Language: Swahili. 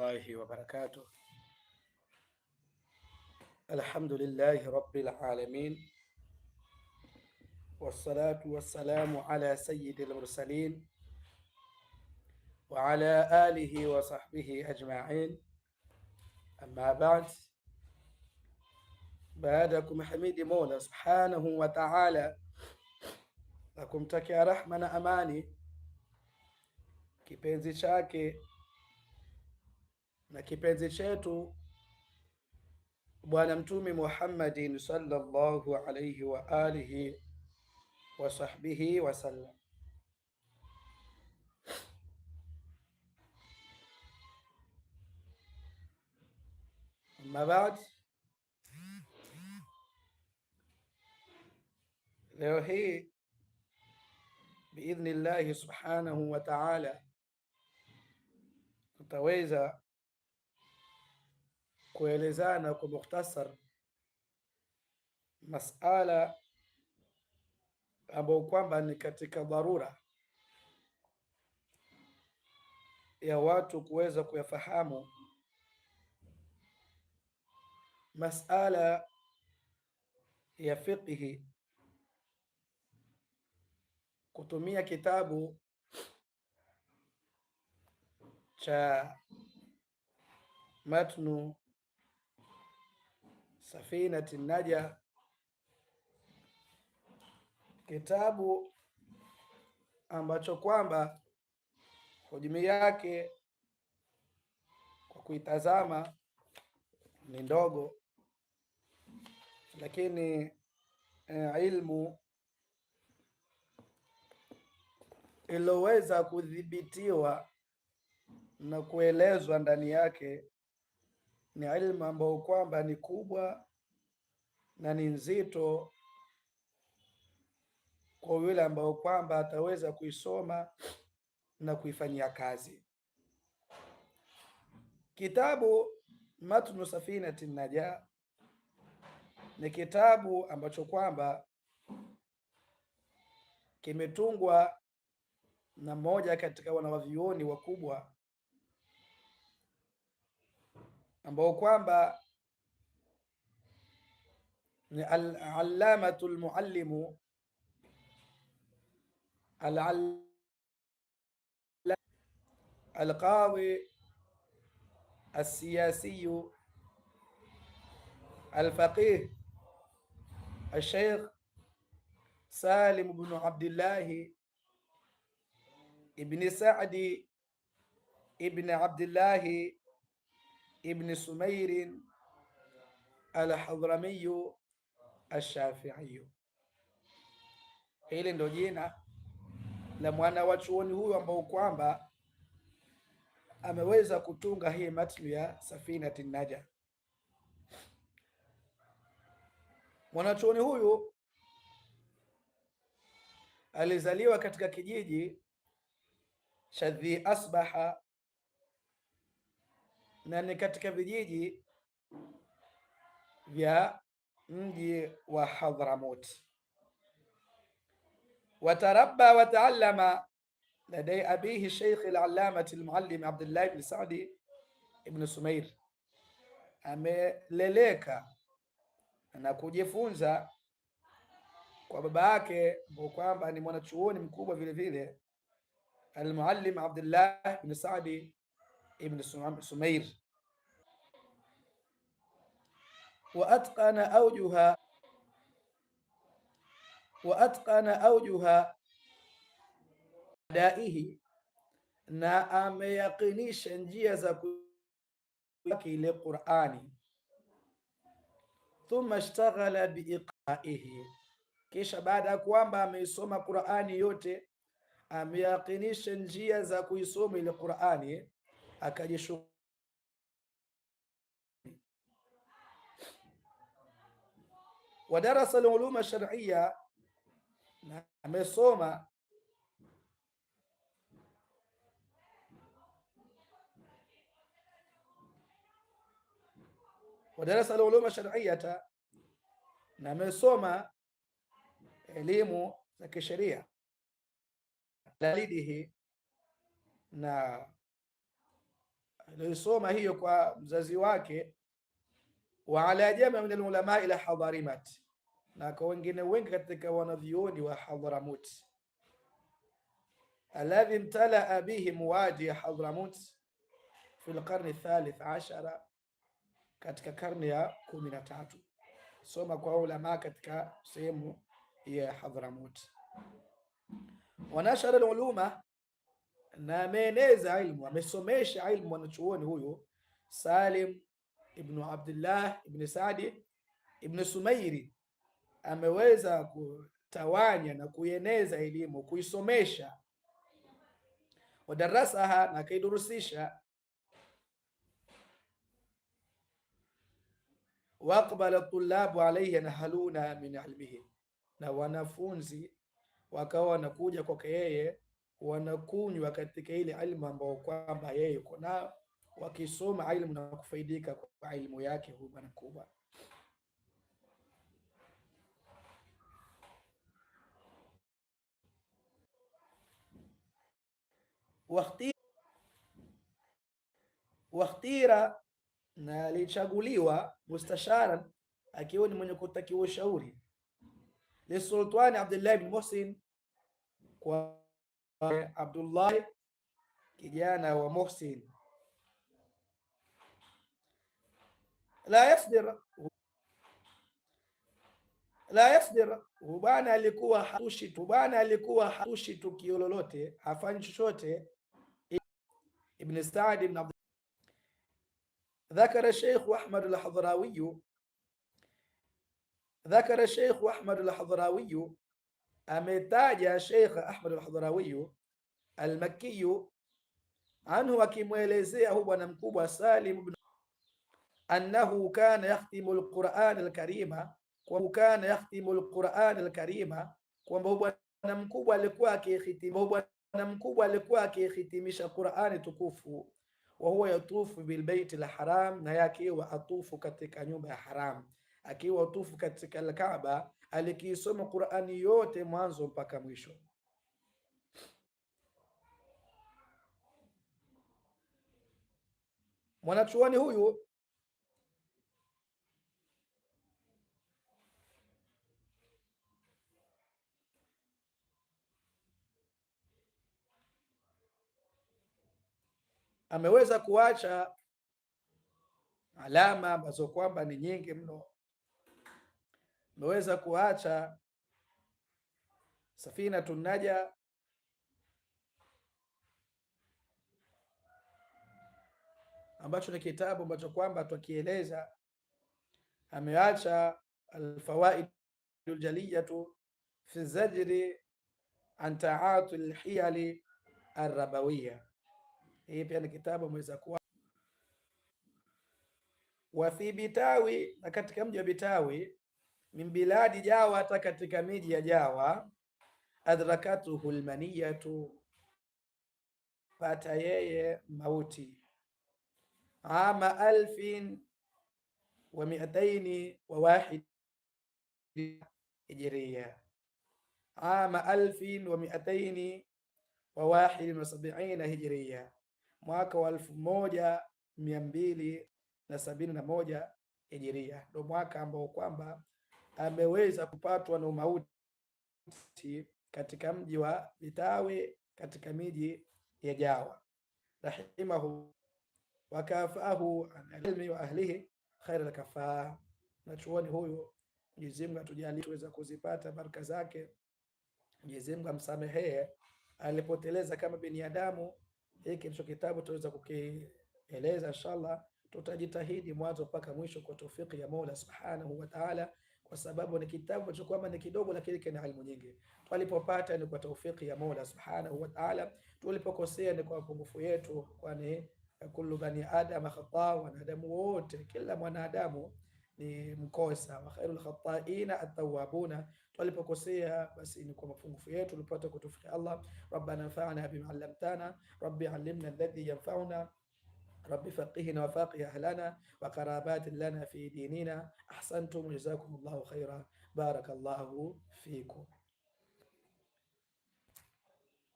الله وبركاته الحمد لله رب العالمين والصلاة والسلام على سيد المرسلين وعلى آله وصحبه أجمعين أما بعد بعدكم حميد مولى سبحانه وتعالى akumtakia rahma na amani kipenzi شاكي na kipenzi chetu Bwana Mtume Muhammadin sallallahu alayhi wa alihi wa sahbihi wa sallam. Amma baad, leo hii biidhni llahi subhanahu wa ta'ala tutaweza kuelezana kwa mukhtasar masala ambayo kwamba ni katika dharura ya watu kuweza kuyafahamu masala ya fiqhi kutumia kitabu cha matnu Safinati Naja, kitabu ambacho kwamba hujumi yake kwa kuitazama ni ndogo, lakini eh, ilmu iloweza kudhibitiwa na kuelezwa ndani yake ni ilmu ambayo kwamba ni kubwa na ni nzito kwa yule ambayo kwamba ataweza kuisoma na kuifanyia kazi. Kitabu Matnu Safinati Naja ni kitabu ambacho kwamba kimetungwa na mmoja katika wanawavioni wakubwa ambao kwamba ni al-allamatu al-muallimu al القاضي السياسي الفقيه الشيخ سالم بن عبد الله ابن سعد ابن عبد الله ibn Sumairin Alhadhramiyu Ashafiiyu. Hili ndio jina la mwana wa chuoni huyu ambao kwamba ameweza kutunga hii matnu ya Safinati Naja. Mwanachuoni huyu alizaliwa katika kijiji cha Dhi Asbaha na ni katika vijiji vya mji wa Hadhramut. Watarabba wataallama ladai abihi sheikh al-allamati al-muallim Abdullah ibn Saadi ibn Sumair, ameleleka na kujifunza kwa baba yake kwamba ni mwanachuoni mkubwa vile vile al-muallim Abdullah ibn Saadi ibn Sumair wa atqana awjuha wa atqana awjuha daihi, na ameyakinisha njia za ile Qur'ani. Thumma ishtaghala biiqaihi, kisha baada ya kwamba ameisoma Qur'ani yote, ameyakinisha njia za kuisoma ile Qur'ani akajishughulisha wa darasa luluma ulum shar'iyya, na amesoma wa darasa al-ulum na amesoma elimu za kisheria lalidihi na aliyosoma hiyo kwa mzazi wake wa ala jamaa min alulama ila Hadharimat, na kwa wengine wengi katika wanavyuoni wa Hadhramut. Alladhi imtalaa bihim wadi ya Hadhramut fi lqarni thalith ashara, katika karne ya kumi na tatu. Soma kwa ulama katika sehemu ya Hadhramut. Wanashara luluma na ameeneza ilmu, amesomesha ilmu wanachuoni huyu Salim Ibnu Abdullah Ibnu Sadi Ibnu Sumairi ameweza kutawanya na kuieneza elimu, kuisomesha wadarasaha, na akaidurusisha waqbala tulabu alaihi yanahaluna min ilmihi, na wanafunzi wakawa wanakuja kwake yeye wanakunywa katika ile ilmu ambayo kwamba yeye yuko nayo wakisoma ilmu na kufaidika kwa ilmu yake huyu bwana mkubwa. Wakhtira, na alichaguliwa mustashara, akiwa ni mwenye kutakiwa ushauri sultani Abdullah bin Muhsin, kwa Abdullah kijana wa Muhsin la yasdir la yasdir. Hubana alikuwa hatushi tubana alikuwa hatushi tukio lolote, hafanyi chochote. Ibn Saad ibn Abd dhakara Sheikh Ahmad al-Hadrawi dhakara Sheikh Ahmad al-Hadrawi, ametaja Sheikh Ahmad al-Hadrawi al-Makki anhu akimwelezea huyu bwana mkubwa Salim ibn annahu kana yakhtimu alquran alkarima, kana yakhtimu alquran alkarima, kwamba bwana mkubwa alikuwa akihitimu, bwana mkubwa alikuwa akihitimisha Qurani tukufu. Wa huwa yatufu bilbaiti alharam, na yakiwa atufu katika nyumba ya haram, akiwa atufu katika alkaaba, alikiisoma Qurani yote mwanzo mpaka mwisho. Mwanachuoni huyu ameweza kuacha alama ambazo kwamba ni nyingi mno. Ameweza kuacha safina tunaja ambacho ni kitabu ambacho kwamba twakieleza. Ameacha alfawaid Ljaliyatu fi Zajri an taatu lhiyali arrabawiya hii pia ni kitabu mweza kuwa wafi Bitawi, na katika mji wa Bitawi min biladi Jawa, hata katika miji ya Jawa adrakatuhu lmaniyatu, pata yeye mauti ama alfin wa miataini wa wahid hijria ama alfin wa miataini wa wahid wa sabiina hijria mwaka wa elfu moja mia mbili na sabini na moja hijiria, ndo mwaka ambao kwamba ameweza kupatwa na umauti katika mji wa Vitawe katika miji ya Jawa rahimahu wakafahu an ilmi wa ahlihi khaira alkafaa. Nachuoni huyu Mwenyezi Mungu atujalie tuweza kuzipata baraka zake. Mwenyezi Mungu amsamehee alipoteleza kama binadamu. Hiki ndicho kitabu tuweza kukieleza inshallah. Tutajitahidi mwanzo mpaka mwisho kwa taufiki ya Mola Subhanahu wa Ta'ala, kwa sababu ni kitabu cha kwamba ni kidogo, lakini kina elimu nyingi. Tulipopata ni kwa taufiki ya Mola Subhanahu wa Ta'ala, tulipokosea ni kwa mapungufu yetu, kwani eh, kullu bani adam khata, wanadamu wote, kila mwanadamu ni mkosa, wa khairul khataina at-tawwabuna Palipokosea basi ni kwa mapungufu yetu, ulipata kutufikia Allah. Rabbana anfa'na bima 'allamtana, rabbi 'allimna alladhi yanfa'una Rabbi faqihna wafaqih ahlana wakarabatin lana fi dinina ahsantum jazakumullahu khaira barakallahu fikum.